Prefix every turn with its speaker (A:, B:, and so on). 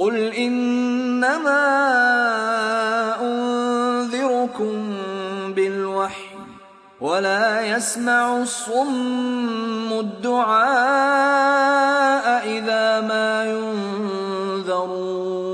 A: قل إنما أنذركم بالوحي ولا يسمع الصم الدعاء إذا ما
B: ينذرون